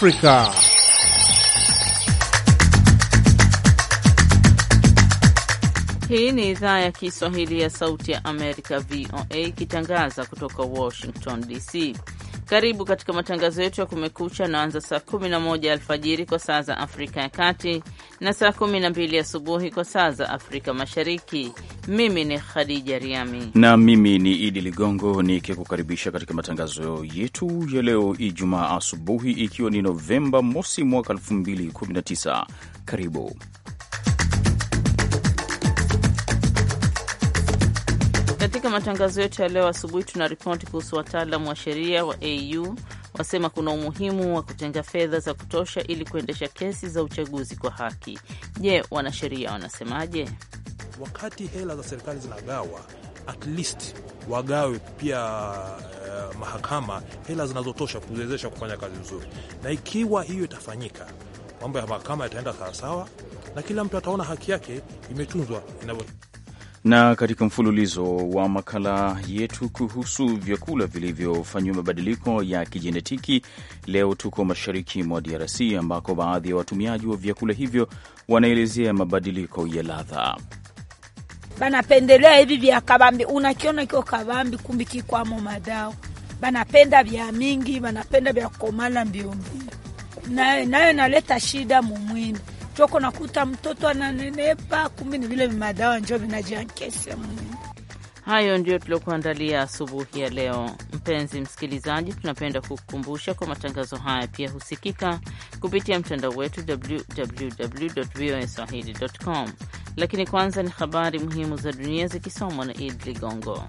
Africa. Hii ni idhaa ya Kiswahili ya Sauti ya Amerika, VOA, ikitangaza kutoka Washington DC. Karibu katika matangazo yetu ya Kumekucha anaanza saa 11 alfajiri kwa saa za Afrika ya Kati na saa kumi na mbili asubuhi kwa saa za Afrika Mashariki. Mimi ni Khadija Riami na mimi ni Idi Ligongo nikikukaribisha katika matangazo yetu ya leo Ijumaa asubuhi, ikiwa ni Novemba mosi mwaka 2019. Karibu katika matangazo yetu ya leo asubuhi. Tuna ripoti kuhusu wataalamu wa sheria wa AU wasema kuna umuhimu wa kutenga fedha za kutosha ili kuendesha kesi za uchaguzi kwa haki. Je, wanasheria wanasemaje? Wakati hela za serikali zinagawa, at least wagawe pia uh, mahakama hela zinazotosha kuwezesha kufanya kazi nzuri, na ikiwa hiyo itafanyika, mambo ya mahakama yataenda sawasawa na kila mtu ataona haki yake imetunzwa inavyo na katika mfululizo wa makala yetu kuhusu vyakula vilivyofanyiwa mabadiliko ya kijenetiki, leo tuko mashariki mwa DRC ambako baadhi ya watumiaji wa vyakula hivyo wanaelezea mabadiliko ya ladha. Banapendelea hivi vya kabambi, unakiona kio kabambi, kumbi kikwamo madao. Banapenda vya mingi, banapenda vya komala mbiombio, nayo naleta shida mumwini Choko nakuta mtoto ananenepa, kumbe ni vile madawa njo vinajiankesi. Hayo ndiyo tuliokuandalia asubuhi ya leo. Mpenzi msikilizaji, tunapenda kukukumbusha kwa matangazo haya pia husikika kupitia mtandao wetu www voa swahili com. Lakini kwanza ni habari muhimu za dunia zikisomwa na Id Ligongo.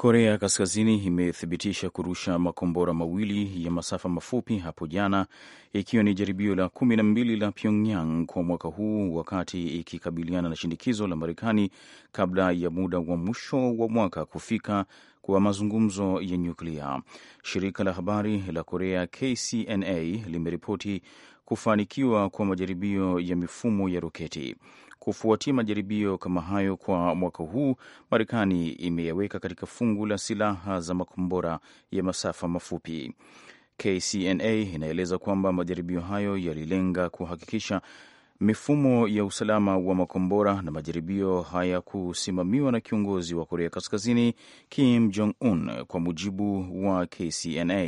Korea Kaskazini imethibitisha kurusha makombora mawili ya masafa mafupi hapo jana, ikiwa ni jaribio la kumi na mbili la Pyongyang kwa mwaka huu, wakati ikikabiliana na shinikizo la Marekani kabla ya muda wa mwisho wa mwaka kufika kwa mazungumzo ya nyuklia. Shirika la habari la Korea KCNA limeripoti kufanikiwa kwa majaribio ya mifumo ya roketi. Kufuatia majaribio kama hayo kwa mwaka huu, Marekani imeyaweka katika fungu la silaha za makombora ya masafa mafupi. KCNA inaeleza kwamba majaribio hayo yalilenga kuhakikisha mifumo ya usalama wa makombora na majaribio hayakusimamiwa na kiongozi wa Korea Kaskazini Kim Jong Un, kwa mujibu wa KCNA.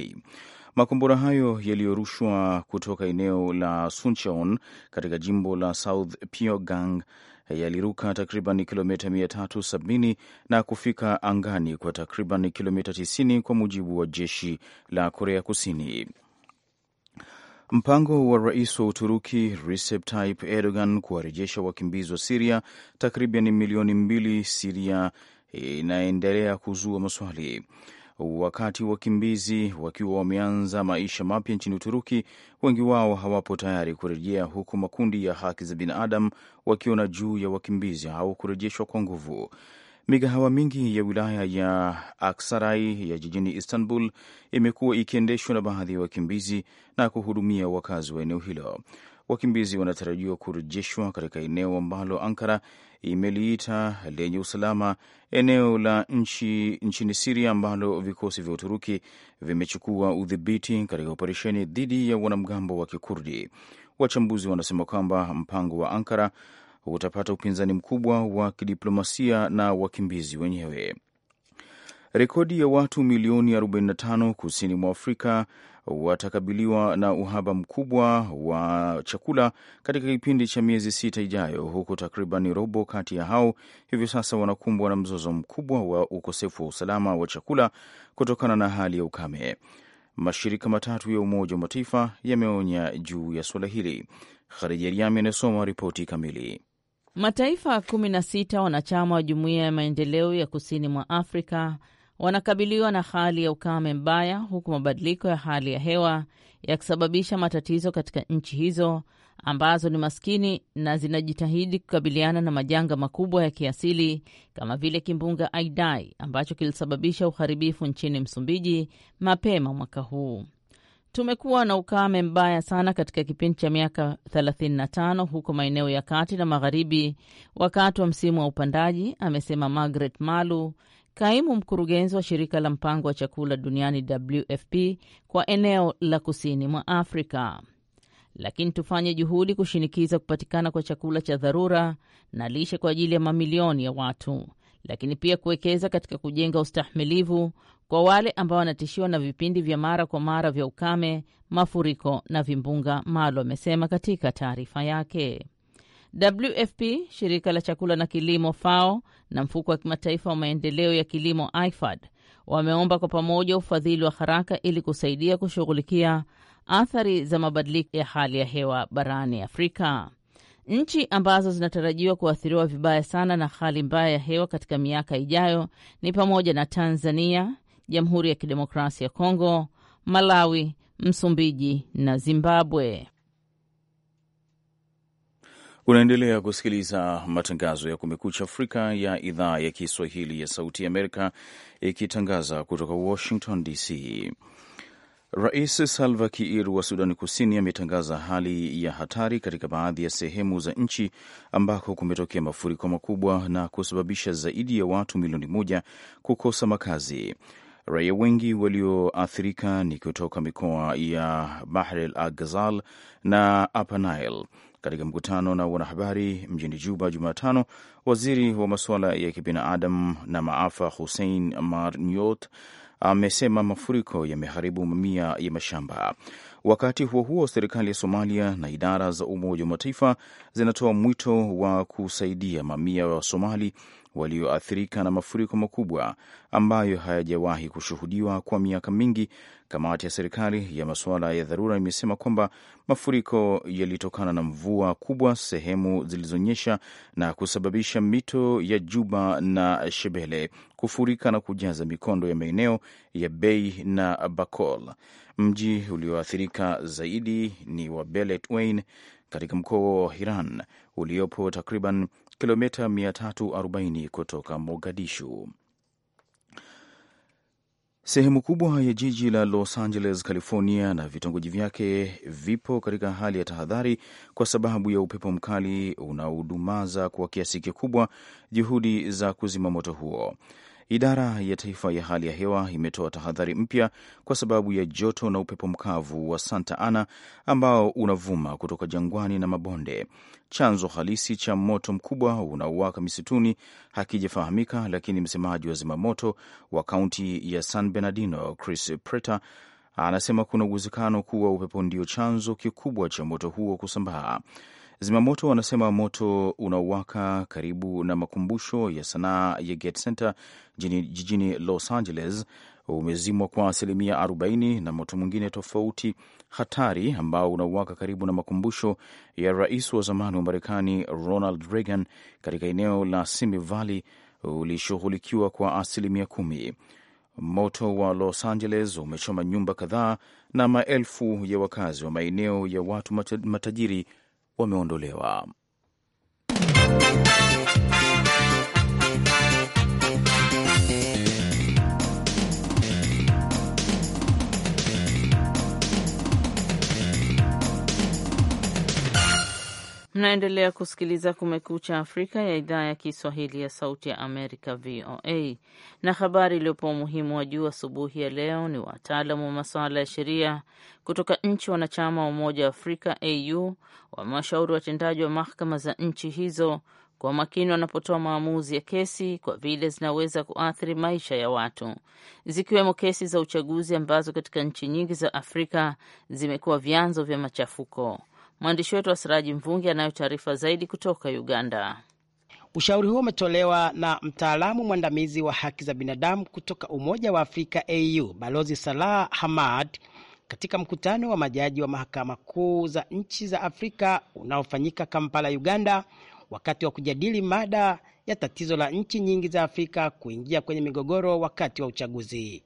Makombora hayo yaliyorushwa kutoka eneo la Suncheon katika jimbo la South Pyongyang yaliruka takriban kilomita 370 na kufika angani kwa takriban kilomita 90 kwa mujibu wa jeshi la Korea Kusini. Mpango wa rais wa Uturuki Recep Tayyip Erdogan kuwarejesha wakimbizi wa Siria takriban milioni mbili Siria inaendelea kuzua maswali wakati wakimbizi wakiwa wameanza maisha mapya nchini Uturuki, wengi wao hawapo tayari kurejea, huku makundi ya haki za binadamu wakiona juu ya wakimbizi au kurejeshwa kwa nguvu. Migahawa mingi ya wilaya ya Aksaray ya jijini Istanbul imekuwa ikiendeshwa na baadhi ya wakimbizi na kuhudumia wakazi wa eneo hilo wakimbizi wanatarajiwa kurejeshwa katika eneo ambalo Ankara imeliita lenye usalama, eneo la nchi nchini Siria ambalo vikosi vya Uturuki vimechukua udhibiti katika operesheni dhidi ya wanamgambo wa Kikurdi. Wachambuzi wanasema kwamba mpango wa Ankara utapata upinzani mkubwa wa kidiplomasia na wakimbizi wenyewe. Rekodi ya watu milioni 45 kusini mwa Afrika watakabiliwa na uhaba mkubwa wa chakula katika kipindi cha miezi sita ijayo, huku takriban robo kati ya hao hivi sasa wanakumbwa na mzozo mkubwa wa ukosefu wa usalama wa chakula kutokana na hali ya ukame. Mashirika matatu ya Umoja wa Mataifa yameonya juu ya suala hili. Khadija Riami anasoma ripoti kamili. Mataifa 16 wanachama wa Jumuiya ya Maendeleo ya Kusini mwa Afrika wanakabiliwa na hali ya ukame mbaya, huku mabadiliko ya hali ya hewa yakisababisha matatizo katika nchi hizo ambazo ni maskini na zinajitahidi kukabiliana na majanga makubwa ya kiasili kama vile kimbunga Aidai ambacho kilisababisha uharibifu nchini Msumbiji mapema mwaka huu. Tumekuwa na ukame mbaya sana katika kipindi cha miaka 35 huko maeneo ya kati na magharibi wakati wa msimu wa upandaji, amesema Margaret Malu, kaimu mkurugenzi wa shirika la mpango wa chakula duniani WFP kwa eneo la kusini mwa Afrika. Lakini tufanye juhudi kushinikiza kupatikana kwa chakula cha dharura na lishe kwa ajili ya mamilioni ya watu, lakini pia kuwekeza katika kujenga ustahimilivu kwa wale ambao wanatishiwa na vipindi vya mara kwa mara vya ukame, mafuriko na vimbunga, Malo amesema katika taarifa yake. WFP, shirika la chakula na kilimo FAO na mfuko wa kimataifa wa maendeleo ya kilimo IFAD wameomba kwa pamoja ufadhili wa haraka ili kusaidia kushughulikia athari za mabadiliko ya hali ya hewa barani Afrika. Nchi ambazo zinatarajiwa kuathiriwa vibaya sana na hali mbaya ya hewa katika miaka ijayo ni pamoja na Tanzania, Jamhuri ya Kidemokrasia ya Kongo, Malawi, Msumbiji na Zimbabwe. Unaendelea kusikiliza matangazo ya Kumekucha Afrika ya idhaa ya Kiswahili ya Sauti Amerika ikitangaza kutoka Washington DC. Rais Salva Kiir wa Sudani Kusini ametangaza hali ya hatari katika baadhi ya sehemu za nchi ambako kumetokea mafuriko makubwa na kusababisha zaidi ya watu milioni moja kukosa makazi. Raia wengi walioathirika ni kutoka mikoa ya Bahr el Ghazal na Upper Nile. Katika mkutano na wanahabari mjini Juba Jumatano, waziri wa masuala ya kibinadamu na maafa Hussein Marnyot amesema mafuriko yameharibu mamia ya mashamba. Wakati huo huo, serikali ya Somalia na idara za Umoja wa Mataifa zinatoa mwito wa kusaidia mamia wa Somali walioathirika na mafuriko makubwa ambayo hayajawahi kushuhudiwa kwa miaka mingi. Kamati ya serikali ya masuala ya dharura imesema kwamba mafuriko yalitokana na mvua kubwa sehemu zilizonyesha na kusababisha mito ya Juba na Shebele kufurika na kujaza mikondo ya maeneo ya Bay na Bakol. Mji ulioathirika zaidi ni wa Belet Wain katika mkoa wa Hiran uliopo takriban kilomita 340 kutoka Mogadishu. Sehemu kubwa ya jiji la Los Angeles, California na vitongoji vyake vipo katika hali ya tahadhari kwa sababu ya upepo mkali unaodumaza kwa kiasi kikubwa juhudi za kuzima moto huo. Idara ya Taifa ya Hali ya Hewa imetoa tahadhari mpya kwa sababu ya joto na upepo mkavu wa Santa Ana ambao unavuma kutoka jangwani na mabonde. Chanzo halisi cha moto mkubwa unaowaka misituni hakijafahamika, lakini msemaji wa zimamoto wa kaunti ya San Bernardino Chris Preta anasema kuna uwezekano kuwa upepo ndio chanzo kikubwa cha moto huo kusambaa. Zimamoto wanasema moto unawaka karibu na makumbusho ya sanaa ya Gate Center jijini Los Angeles umezimwa kwa asilimia 40 na moto mwingine tofauti hatari ambao unauwaka karibu na makumbusho ya rais wa zamani wa Marekani Ronald Reagan katika eneo la Simi Valley ulishughulikiwa kwa asilimia kumi. Moto wa Los Angeles umechoma nyumba kadhaa na maelfu ya wakazi wa maeneo ya watu matajiri wameondolewa. Mnaendelea kusikiliza Kumekucha Afrika ya idhaa ya Kiswahili ya Sauti ya Amerika, VOA. Na habari iliyopewa umuhimu wa juu asubuhi ya leo ni wataalamu wa masuala ya sheria kutoka nchi wanachama wa Umoja wa Afrika, AU, wamewashauri watendaji wa mahakama za nchi hizo kwa makini wanapotoa maamuzi ya kesi kwa vile zinaweza kuathiri maisha ya watu, zikiwemo kesi za uchaguzi ambazo katika nchi nyingi za Afrika zimekuwa vyanzo vya machafuko. Mwandishi wetu wa Siraji Mvungi anayo taarifa zaidi kutoka Uganda. Ushauri huo umetolewa na mtaalamu mwandamizi wa haki za binadamu kutoka Umoja wa Afrika AU Balozi Salah Hamad katika mkutano wa majaji wa mahakama kuu za nchi za Afrika unaofanyika Kampala, Uganda, wakati wa kujadili mada ya tatizo la nchi nyingi za Afrika kuingia kwenye migogoro wakati wa uchaguzi.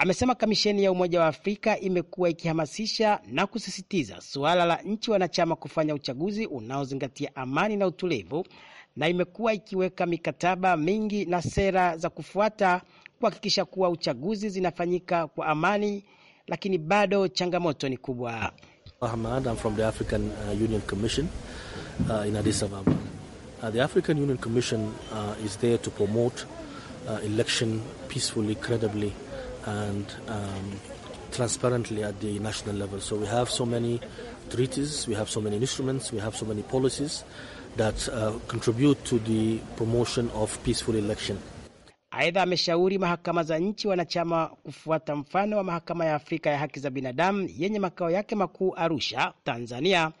Amesema kamisheni ya Umoja wa Afrika imekuwa ikihamasisha na kusisitiza suala la nchi wanachama kufanya uchaguzi unaozingatia amani na utulivu, na imekuwa ikiweka mikataba mingi na sera za kufuata kuhakikisha kuwa uchaguzi zinafanyika kwa amani, lakini bado changamoto ni kubwa. Ahmad, I'm from the African uh, Union Commission uh, in Addis Ababa. Uh, the African Union Commission uh, is there to promote uh, election peacefully, credibly and um, transparently at the national level. So we have so many treaties, we have so many instruments, we have so many policies that uh, contribute to the promotion of peaceful election. Aidha, ameshauri mahakama za nchi wanachama kufuata mfano wa mahakama ya Afrika ya haki za binadamu yenye makao yake makuu Arusha, Tanzania,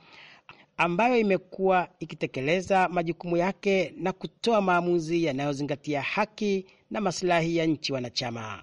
ambayo imekuwa ikitekeleza majukumu yake na kutoa maamuzi yanayozingatia haki na masilahi ya nchi wanachama.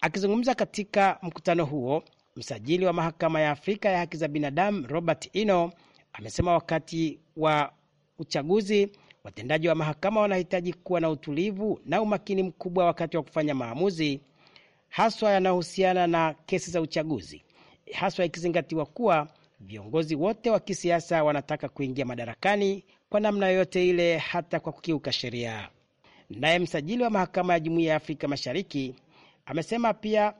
Akizungumza katika mkutano huo, msajili wa mahakama ya Afrika ya haki za binadamu Robert ino amesema wakati wa uchaguzi watendaji wa mahakama wanahitaji kuwa na utulivu na umakini mkubwa wakati wa kufanya maamuzi, haswa yanayohusiana na kesi za uchaguzi, haswa ikizingatiwa kuwa viongozi wote wa kisiasa wanataka kuingia madarakani kwa namna yoyote ile, hata kwa kukiuka sheria. Naye msajili wa mahakama ya Jumuiya ya Afrika Mashariki Amesema pia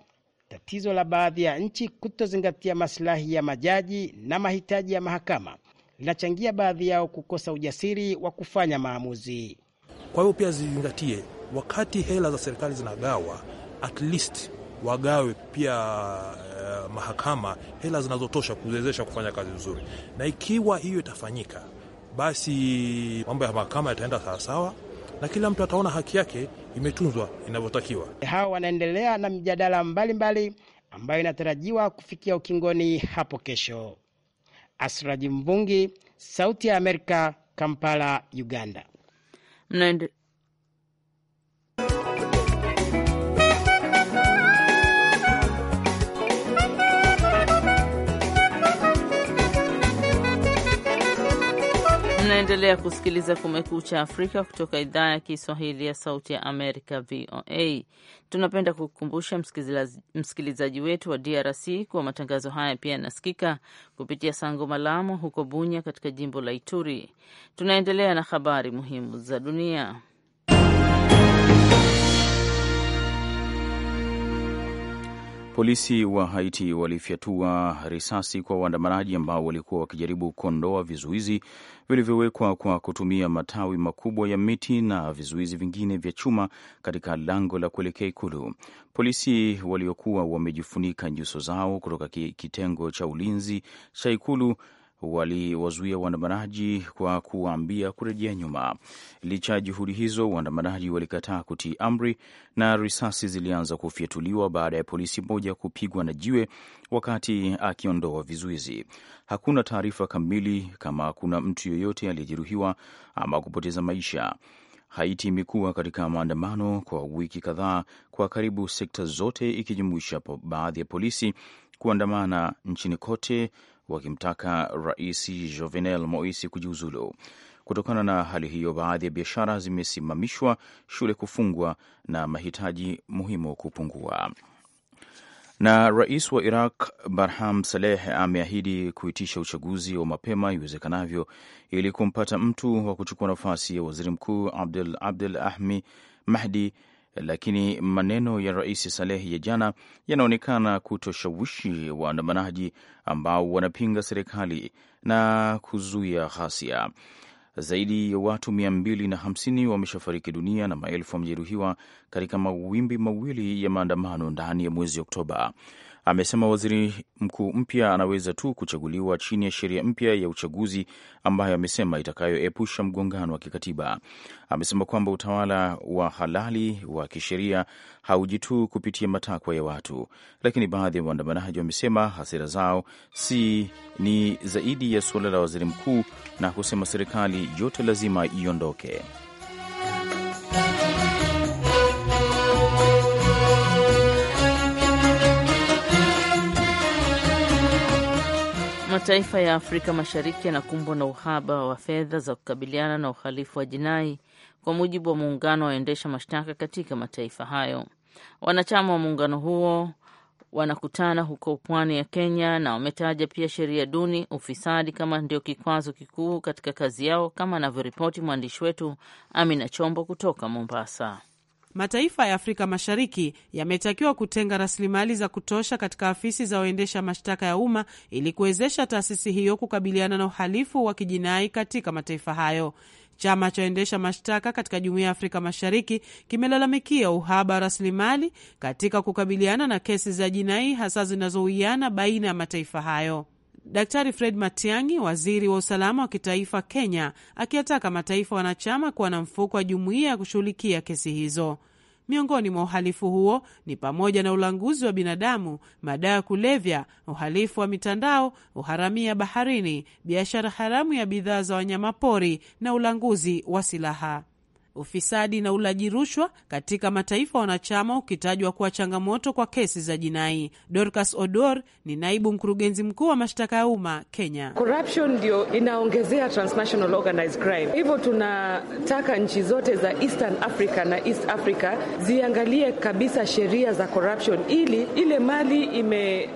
tatizo la baadhi ya nchi kutozingatia masilahi ya majaji na mahitaji ya mahakama linachangia baadhi yao kukosa ujasiri wa kufanya maamuzi. Kwa hivyo pia zizingatie, wakati hela za serikali zinagawa, at least wagawe pia uh, mahakama hela zinazotosha kuwezesha kufanya kazi nzuri, na ikiwa hiyo itafanyika, basi mambo ya mahakama yataenda sawasawa na kila mtu ataona haki yake imetunzwa inavyotakiwa. Hawa wanaendelea na mjadala mbalimbali ambayo inatarajiwa kufikia ukingoni hapo kesho. Asraji Mvungi, Sauti ya Amerika, Kampala, Uganda. Mnaende, Unaendelea kusikiliza Kumekucha Afrika kutoka idhaa ya Kiswahili ya Sauti ya Amerika, VOA. Tunapenda kukumbusha msikilizaji wetu wa DRC kuwa matangazo haya pia yanasikika kupitia Sango Malamu huko Bunya, katika jimbo la Ituri. Tunaendelea na habari muhimu za dunia. Polisi wa Haiti walifyatua risasi kwa waandamanaji ambao walikuwa wakijaribu kuondoa vizuizi vilivyowekwa kwa kutumia matawi makubwa ya miti na vizuizi vingine vya chuma katika lango la kuelekea Ikulu. Polisi waliokuwa wamejifunika nyuso zao kutoka kitengo cha ulinzi cha Ikulu waliwazuia waandamanaji kwa kuwaambia kurejea nyuma. Licha ya juhudi hizo, waandamanaji walikataa kutii amri na risasi zilianza kufyatuliwa baada ya polisi mmoja kupigwa na jiwe wakati akiondoa vizuizi. Hakuna taarifa kamili kama kuna mtu yoyote aliyejeruhiwa ama kupoteza maisha. Haiti imekuwa katika maandamano kwa wiki kadhaa kwa karibu sekta zote ikijumuisha baadhi ya polisi kuandamana nchini kote wakimtaka Rais Jovenel moisi kujiuzulu. Kutokana na hali hiyo, baadhi ya biashara zimesimamishwa, shule kufungwa na mahitaji muhimu kupungua. Na rais wa Iraq Barham Saleh ameahidi kuitisha uchaguzi wa mapema iwezekanavyo ili kumpata mtu wa kuchukua nafasi ya waziri mkuu Abdul Abdul Ahmi Mahdi lakini maneno ya Rais Saleh ya jana yanaonekana kutoshawishi waandamanaji ambao wanapinga serikali na kuzuia ghasia. Zaidi ya watu 250 wameshafariki dunia na maelfu wamejeruhiwa katika mawimbi mawili ya maandamano ndani ya mwezi Oktoba amesema waziri mkuu mpya anaweza tu kuchaguliwa chini ya sheria mpya ya uchaguzi ambayo amesema itakayoepusha mgongano wa kikatiba. Amesema kwamba utawala wa halali wa kisheria hauji tu kupitia matakwa ya watu, lakini baadhi ya waandamanaji wamesema hasira zao si ni zaidi ya suala la waziri mkuu na kusema serikali yote lazima iondoke. Mataifa ya Afrika Mashariki yanakumbwa na uhaba wa fedha za kukabiliana na uhalifu wa jinai, kwa mujibu wa muungano wa waendesha mashtaka katika mataifa hayo. Wanachama wa muungano huo wanakutana huko pwani ya Kenya na wametaja pia sheria duni, ufisadi kama ndio kikwazo kikuu katika kazi yao, kama anavyoripoti mwandishi wetu Amina Chombo kutoka Mombasa mataifa ya Afrika Mashariki yametakiwa kutenga rasilimali za kutosha katika afisi za waendesha mashtaka ya umma ili kuwezesha taasisi hiyo kukabiliana na uhalifu wa kijinai katika mataifa hayo. Chama cha waendesha mashtaka katika jumuiya ya Afrika Mashariki kimelalamikia uhaba wa rasilimali katika kukabiliana na kesi za jinai hasa zinazowiana baina ya mataifa hayo. Daktari Fred Matiang'i, waziri wa usalama wa kitaifa Kenya, akiyataka mataifa wanachama kuwa na mfuko wa jumuiya ya kushughulikia kesi hizo. Miongoni mwa uhalifu huo ni pamoja na ulanguzi wa binadamu, madawa ya kulevya, uhalifu wa mitandao, uharamia baharini, biashara haramu ya bidhaa za wanyamapori na ulanguzi wa silaha ufisadi na ulaji rushwa katika mataifa wanachama ukitajwa kuwa changamoto kwa kesi za jinai. Dorcas Odor ni naibu mkurugenzi mkuu wa mashtaka ya umma Kenya. Corruption ndio inaongezea transnational organized crime, hivyo tunataka nchi zote za Eastern Africa na East Africa ziangalie kabisa sheria za corruption, ili ile mali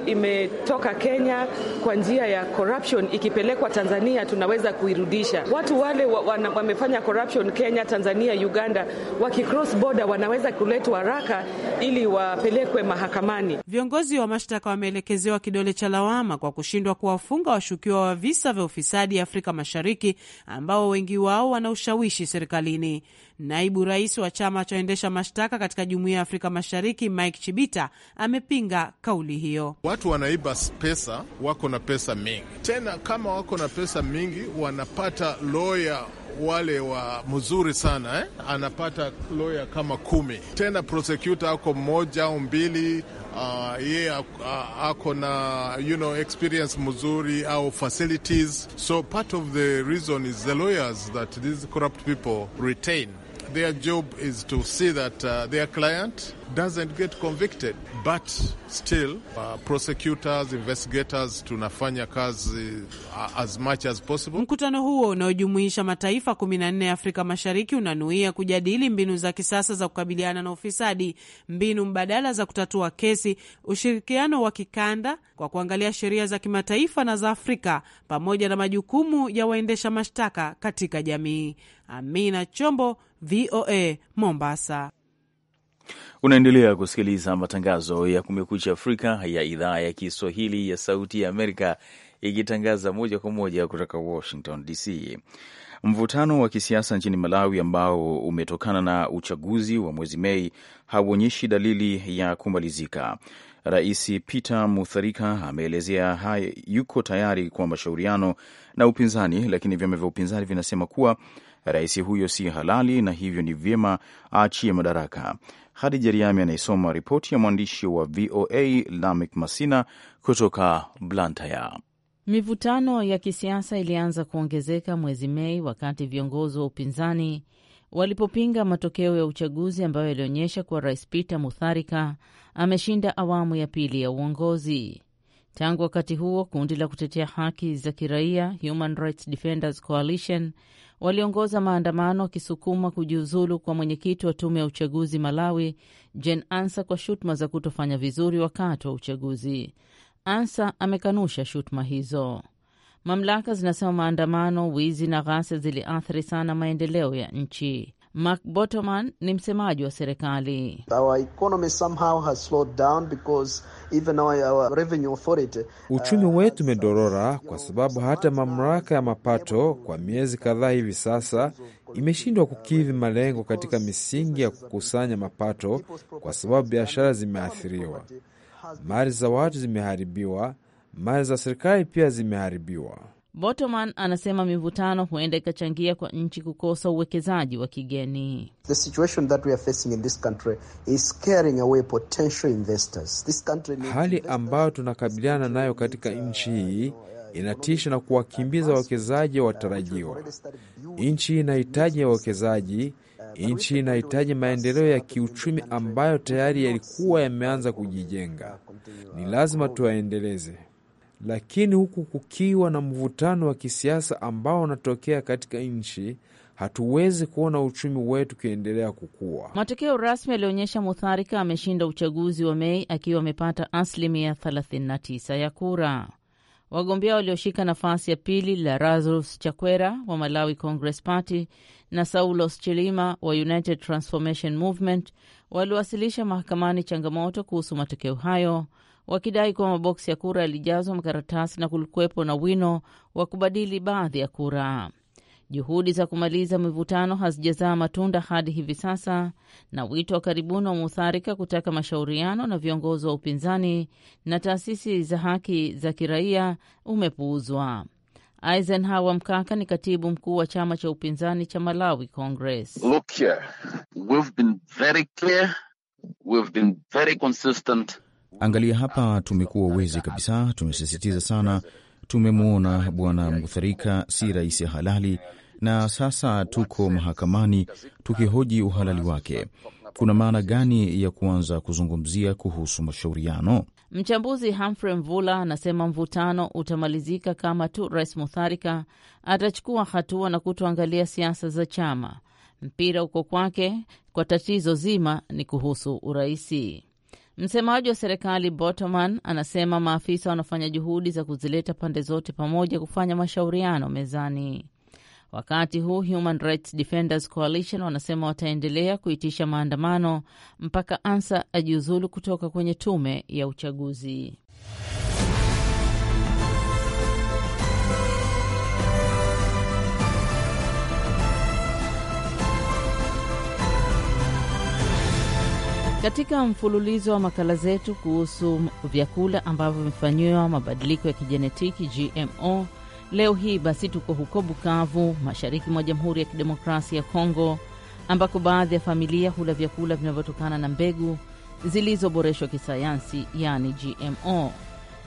imetoka ime Kenya kwa njia ya corruption ikipelekwa Tanzania tunaweza kuirudisha. Watu wale wamefanya wa, wa corruption Kenya, Tanzania Kenya Uganda, wakicross border wanaweza kuletwa haraka ili wapelekwe mahakamani. Viongozi wa mashtaka wameelekezewa kidole cha lawama kwa kushindwa kuwafunga washukiwa wa visa vya ufisadi Afrika Mashariki ambao wengi wao wana ushawishi serikalini. Naibu rais wa chama cha waendesha mashtaka katika jumuiya ya Afrika Mashariki Mike Chibita amepinga kauli hiyo. Watu wanaiba pesa, wako na pesa mingi. Tena kama wako na pesa mingi, wanapata lawyer wale wa mzuri sana eh? Anapata lawyer kama kumi, tena prosecutor ako mmoja au mbili. Uh, ye yeah, uh, ako na you know experience mzuri au facilities, so part of the reason is the lawyers that these corrupt people retain Their job is to see that uh, their client doesn't get convicted, but still uh, prosecutors, investigators tunafanya kazi uh, as much as possible. Mkutano huo unaojumuisha mataifa 14 ya Afrika Mashariki unanuia kujadili mbinu za kisasa za kukabiliana na ufisadi, mbinu mbadala za kutatua kesi, ushirikiano wa kikanda kwa kuangalia sheria za kimataifa na za Afrika pamoja na majukumu ya waendesha mashtaka katika jamii. Amina Chombo VOA Mombasa. Unaendelea kusikiliza matangazo ya Kumekucha Afrika ya idhaa ya Kiswahili ya Sauti ya Amerika, ikitangaza moja kwa moja kutoka Washington DC. Mvutano wa kisiasa nchini Malawi ambao umetokana na uchaguzi wa mwezi Mei hauonyeshi dalili ya kumalizika. Rais Peter Mutharika ameelezea haya, yuko tayari kwa mashauriano na upinzani, lakini vyama vya upinzani vinasema kuwa rais huyo si halali na hivyo ni vyema aachie madaraka. Hadija Riami anayesoma ripoti ya mwandishi wa VOA Lamek Masina kutoka Blantyre. Mivutano ya kisiasa ilianza kuongezeka mwezi Mei wakati viongozi wa upinzani walipopinga matokeo ya uchaguzi ambayo yalionyesha kuwa rais Peter Mutharika ameshinda awamu ya pili ya uongozi. Tangu wakati huo kundi la kutetea haki za kiraia Human Rights Defenders Coalition waliongoza maandamano wakisukuma kujiuzulu kwa mwenyekiti wa tume ya uchaguzi Malawi, Jen Ansa, kwa shutuma za kutofanya vizuri wakati wa uchaguzi. Ansa amekanusha shutuma hizo. Mamlaka zinasema maandamano, wizi na ghasia ziliathiri sana maendeleo ya nchi. Mark Botoman ni msemaji wa serikali. Uh, Uchumi wetu umedorora kwa sababu hata mamlaka ya mapato kwa miezi kadhaa hivi sasa imeshindwa kukidhi malengo katika misingi ya kukusanya mapato kwa sababu biashara zimeathiriwa, mali za watu zimeharibiwa, mali za serikali pia zimeharibiwa. Botoman anasema mivutano huenda ikachangia kwa nchi kukosa uwekezaji wa kigeni. Hali ambayo tunakabiliana nayo katika nchi hii inatisha na kuwakimbiza wawekezaji watarajiwa. Nchi inahitaji wawekezaji, uh, nchi inahitaji maendeleo ya kiuchumi ambayo tayari yalikuwa yameanza kujijenga. Ni lazima tuwaendeleze lakini huku kukiwa na mvutano wa kisiasa ambao unatokea katika nchi hatuwezi kuona uchumi wetu ukiendelea kukua. Matokeo rasmi yalionyesha Mutharika ameshinda uchaguzi wa Mei akiwa amepata asilimia 39 ya kura. Wagombea walioshika nafasi ya pili Lazarus Chakwera wa Malawi Congress Party na Saulos Chilima wa United Transformation Movement waliwasilisha mahakamani changamoto kuhusu matokeo hayo wakidai kuwa maboksi ya kura yalijazwa makaratasi na kulikuwepo na wino wa kubadili baadhi ya kura. Juhudi za kumaliza mivutano hazijazaa matunda hadi hivi sasa, na wito wa karibuni wa Mutharika kutaka mashauriano na viongozi wa upinzani na taasisi za haki za kiraia umepuuzwa. Eisenhower Mkaka ni katibu mkuu wa chama cha upinzani cha Malawi Congress. Look here. We've been very clear. We've been very consistent. Angalia hapa, tumekuwa wezi kabisa, tumesisitiza sana, tumemwona bwana Mutharika si rais halali, na sasa tuko mahakamani tukihoji uhalali wake. Kuna maana gani ya kuanza kuzungumzia kuhusu mashauriano? Mchambuzi Humphrey Mvula anasema mvutano utamalizika kama tu Rais Mutharika atachukua hatua na kutoangalia siasa za chama. Mpira uko kwake, kwa tatizo zima ni kuhusu uraisi. Msemaji wa serikali Botoman anasema maafisa wanafanya juhudi za kuzileta pande zote pamoja kufanya mashauriano mezani. Wakati huu Human Rights Defenders Coalition wanasema wataendelea kuitisha maandamano mpaka Ansa ajiuzulu kutoka kwenye tume ya uchaguzi. Katika mfululizo wa makala zetu kuhusu vyakula ambavyo vimefanyiwa mabadiliko ya kijenetiki GMO, leo hii basi tuko huko Bukavu, mashariki mwa Jamhuri ya Kidemokrasia ya Kongo, ambako baadhi ya familia hula vyakula vinavyotokana na mbegu zilizoboreshwa kisayansi, yani GMO.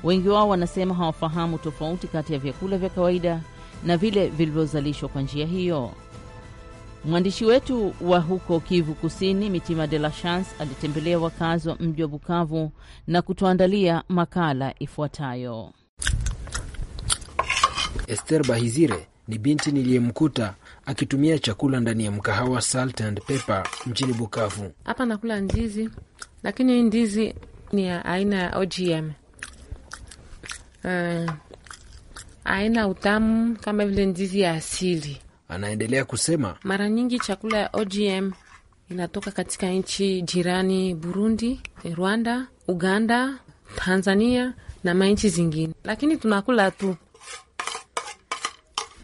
Wengi wao wanasema hawafahamu tofauti kati ya vyakula vya kawaida na vile vilivyozalishwa kwa njia hiyo. Mwandishi wetu wa huko Kivu Kusini, Mitima de la Chance, alitembelea wakazi wa mji wa Bukavu na kutuandalia makala ifuatayo. Ester Bahizire ni binti niliyemkuta akitumia chakula ndani ya mkahawa Salt and Pepper mjini Bukavu. Hapa nakula ndizi, lakini hii ndizi ni ya aina ya OGM. Uh, eh, aina utamu kama vile ndizi ya asili Anaendelea kusema mara nyingi chakula ya OGM inatoka katika nchi jirani Burundi, Rwanda, Uganda, Tanzania na manchi zingine, lakini tunakula tu.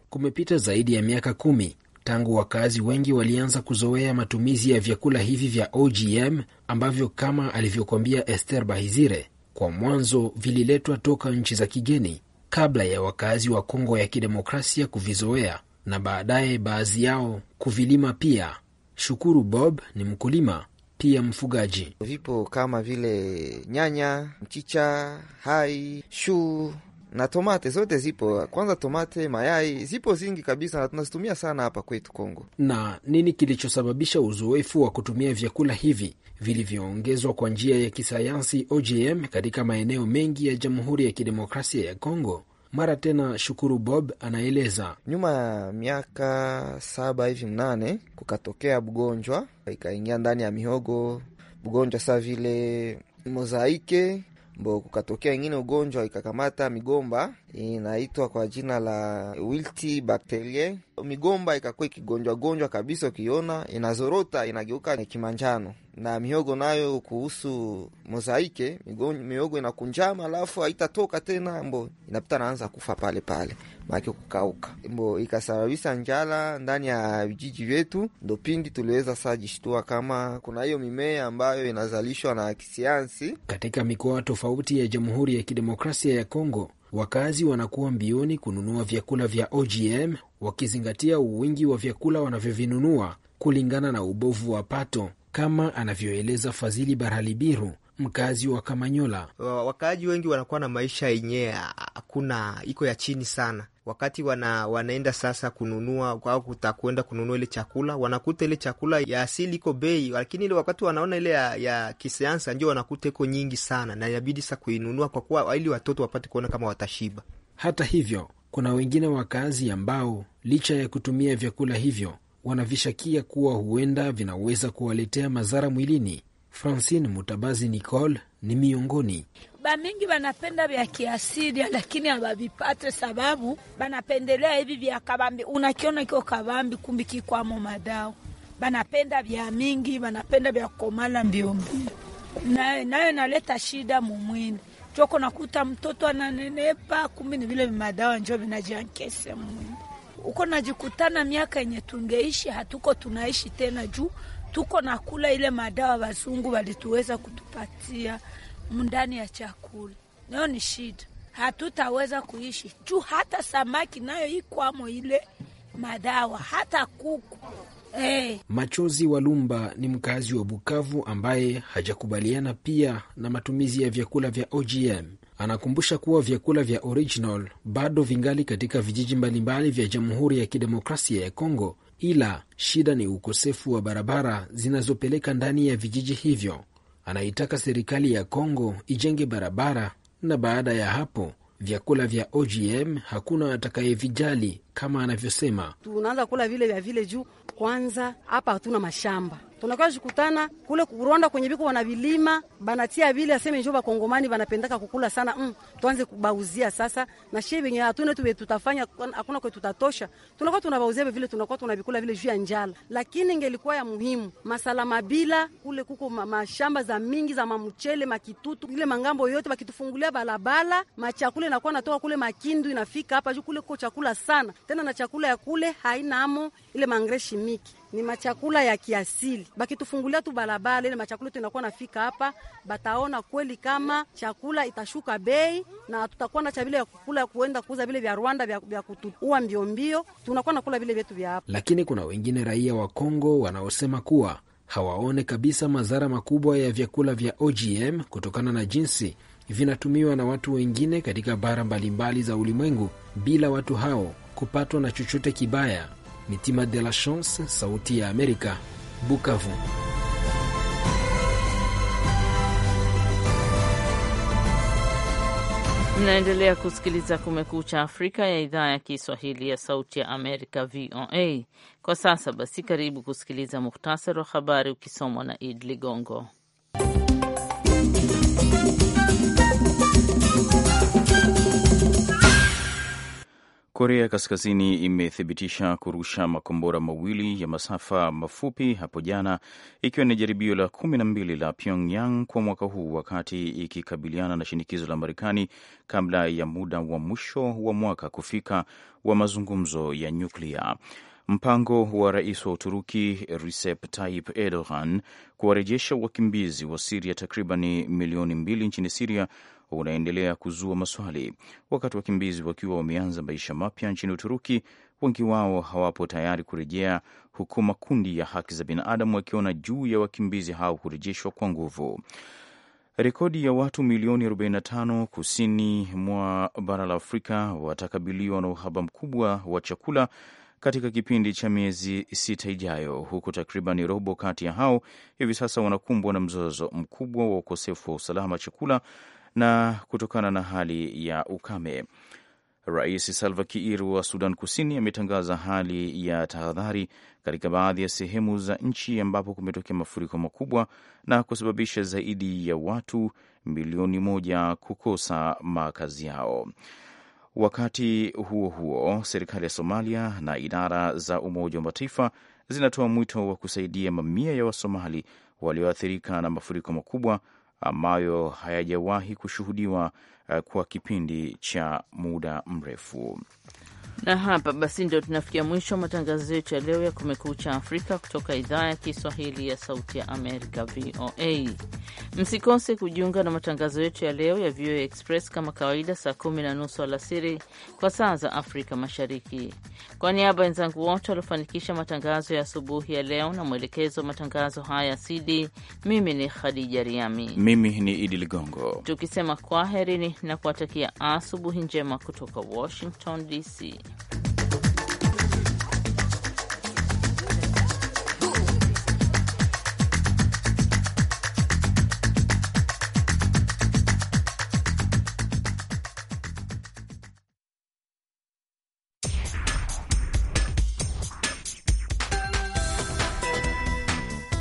Kumepita zaidi ya miaka kumi tangu wakazi wengi walianza kuzoea matumizi ya vyakula hivi vya OGM ambavyo kama alivyokwambia Esther Bahizire, kwa mwanzo vililetwa toka nchi za kigeni kabla ya wakazi wa Kongo ya Kidemokrasia kuvizoea na baadaye baadhi yao kuvilima pia. Shukuru Bob ni mkulima pia mfugaji. Vipo kama vile nyanya, mchicha, hai, shuu na tomate zote zipo. Kwanza tomate, mayai zipo zingi kabisa, na tunazitumia sana hapa kwetu Kongo. Na nini kilichosababisha uzoefu wa kutumia vyakula hivi vilivyoongezwa kwa njia ya kisayansi OGM katika maeneo mengi ya Jamhuri ya Kidemokrasia ya Kongo mara tena Shukuru Bob anaeleza, nyuma ya miaka saba hivi mnane, kukatokea mgonjwa ikaingia ndani ya mihogo, mgonjwa saa vile mozaike mbo, kukatokea ingine ugonjwa ikakamata migomba, inaitwa kwa jina la wilti bakterie migomba ikakuwa ikigonjwagonjwa kabisa, ukiona inazorota inageuka kimanjano, na mihogo nayo kuhusu mozaike, mihogo inakunjama, alafu haitatoka tena, mbo inapita naanza kufa pale pale, maake kukauka, mbo ikasababisha njala ndani ya vijiji vyetu. Ndo pindi tuliweza saa jishtua kama kuna hiyo mimea ambayo inazalishwa na kisayansi katika mikoa tofauti ya Jamhuri ya Kidemokrasia ya Kongo Wakazi wanakuwa mbioni kununua vyakula vya OGM wakizingatia wingi wa vyakula wanavyovinunua kulingana na ubovu wa pato, kama anavyoeleza fazili Barhalibiru, mkazi wa Kamanyola. Wakaaji wengi wanakuwa na maisha yenye hakuna iko ya chini sana wakati wana, wanaenda sasa kununua au kutakwenda kununua ile chakula, wanakuta ile chakula ya asili iko bei, lakini ile wakati wanaona ile ya, ya kisayansa ndio wanakuta iko nyingi sana, na inabidi sasa kuinunua kwa kuwa ili watoto wapate kuona kama watashiba. Hata hivyo, kuna wengine wakazi ambao licha ya kutumia vyakula hivyo wanavishakia kuwa huenda vinaweza kuwaletea madhara mwilini Francine Mutabazi Nicole ni miongoni bamingi banapenda vya kiasilia lakini abavipate sababu banapendelea hivi vya kabambi. Unakiona kio kabambi, kumbi kikwamo madao. Banapenda vya mingi, banapenda vya komala mbiombio, nayo nayo naleta shida mumwini choko. Nakuta mtoto ananenepa, kumbi ni vile madawa njo vinajankese mwini uko najikutana miaka yenye tungeishi hatuko tunaishi tena juu tuko na kula ile madawa wazungu walituweza kutupatia mundani ya chakula. Nayo ni shida, hatutaweza kuishi juu hata samaki nayo ikwamo ile madawa, hata kuku Hey. Eh. Machozi lumba ni mkazi wa Bukavu ambaye hajakubaliana pia na matumizi ya vyakula vya OGM. Anakumbusha kuwa vyakula vya original bado vingali katika vijiji mbalimbali vya Jamhuri ya Kidemokrasia ya Kongo ila shida ni ukosefu wa barabara zinazopeleka ndani ya vijiji hivyo. Anaitaka serikali ya Kongo ijenge barabara, na baada ya hapo vyakula vya OGM hakuna atakayevijali, kama anavyosema, tunaanza kula vile vya vile juu kwanza hapa hatuna mashamba, tunakuwa shukutana kule Rwanda kwenye biko wanavilima banatia vile aseme njo vakongomani vanapendaka kukula sana mm, tuanze kubauzia sasa na shie venye hatuna tuve tutafanya hakuna kwe tutatosha, tunakuwa tunabauzia vile tunakuwa tunavikula vile juu ya njala. Lakini ingelikuwa ya muhimu masala mabila kule kuko mashamba za mingi za mamuchele makitutu ile mangambo yote bakitufungulia balabala machakule nakuwa natoka kule makindu inafika hapa juu kule kuko chakula sana tena na chakula ya kule haina amo ile mangre shimiki, ni machakula ya kiasili. Bakitufungulia tu barabara ile machakula tunakuwa nafika hapa, bataona kweli kama chakula itashuka bei na tutakuwa na cha vile ya kukula kuenda kuuza vile vya Rwanda vya, vya kutuua mbio mbio, tunakuwa nakula vile vyetu vya hapa. Lakini kuna wengine raia wa Kongo wanaosema kuwa hawaone kabisa madhara makubwa ya vyakula vya OGM kutokana na jinsi vinatumiwa na watu wengine katika bara mbalimbali za ulimwengu bila watu hao kupatwa na chochote kibaya. Mitima de la Chance, Sauti ya Amerika, Bukavu. Mnaendelea kusikiliza Kumekucha Afrika ya idhaa ya Kiswahili ya Sauti ya Amerika, VOA. Kwa sasa basi, karibu kusikiliza muhtasari wa habari ukisomwa na Id Ligongo. Korea Kaskazini imethibitisha kurusha makombora mawili ya masafa mafupi hapo jana, ikiwa ni jaribio la kumi na mbili la Pyongyang kwa mwaka huu, wakati ikikabiliana na shinikizo la Marekani kabla ya muda wa mwisho wa mwaka kufika wa mazungumzo ya nyuklia. Mpango wa rais wa Uturuki Recep Tayyip Erdogan kuwarejesha wakimbizi wa Siria takribani milioni mbili nchini Siria unaendelea kuzua maswali, wakati wakimbizi wakiwa wameanza maisha mapya nchini Uturuki, wengi wao hawapo tayari kurejea, huku makundi ya haki za binadamu wakiona juu ya wakimbizi hao kurejeshwa kwa nguvu. Rekodi ya watu milioni 45 kusini mwa bara la Afrika watakabiliwa na uhaba mkubwa wa chakula katika kipindi cha miezi sita ijayo, huku takriban robo kati ya hao hivi sasa wanakumbwa na mzozo mkubwa wa ukosefu wa usalama chakula na kutokana na hali ya ukame. Rais Salva Kiir wa Sudan Kusini ametangaza hali ya tahadhari katika baadhi ya sehemu za nchi ambapo kumetokea mafuriko makubwa na kusababisha zaidi ya watu milioni moja kukosa makazi yao. Wakati huo huo, serikali ya Somalia na idara za Umoja wa Mataifa zinatoa mwito wa kusaidia mamia ya Wasomali walioathirika na mafuriko makubwa ambayo hayajawahi kushuhudiwa eh, kwa kipindi cha muda mrefu. Na hapa basi ndio tunafikia mwisho wa matangazo yetu ya leo ya Kumekucha Afrika kutoka idhaa ya Kiswahili ya Sauti ya Amerika, VOA. Msikose kujiunga na matangazo yetu ya leo ya VOA Express kama kawaida, saa kumi na nusu alasiri kwa saa za Afrika Mashariki. Kwa niaba ya wenzangu wote waliofanikisha matangazo ya asubuhi ya leo na mwelekezo wa matangazo haya CD, mimi ni Khadija Riami, mimi ni Idi Ligongo, tukisema kwaherini na kuwatakia asubuhi njema kutoka Washington DC. Bye.